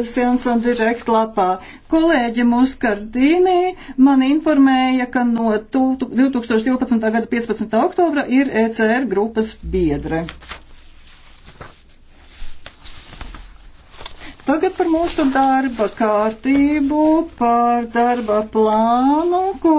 Jansson Direct lapā. Kolēģi Muskardīnī man informēja, ka no 2012. gada 15. oktobra ir ECR grupas biedre. Tagad par mūsu darba kārtību, par darba plānu, ko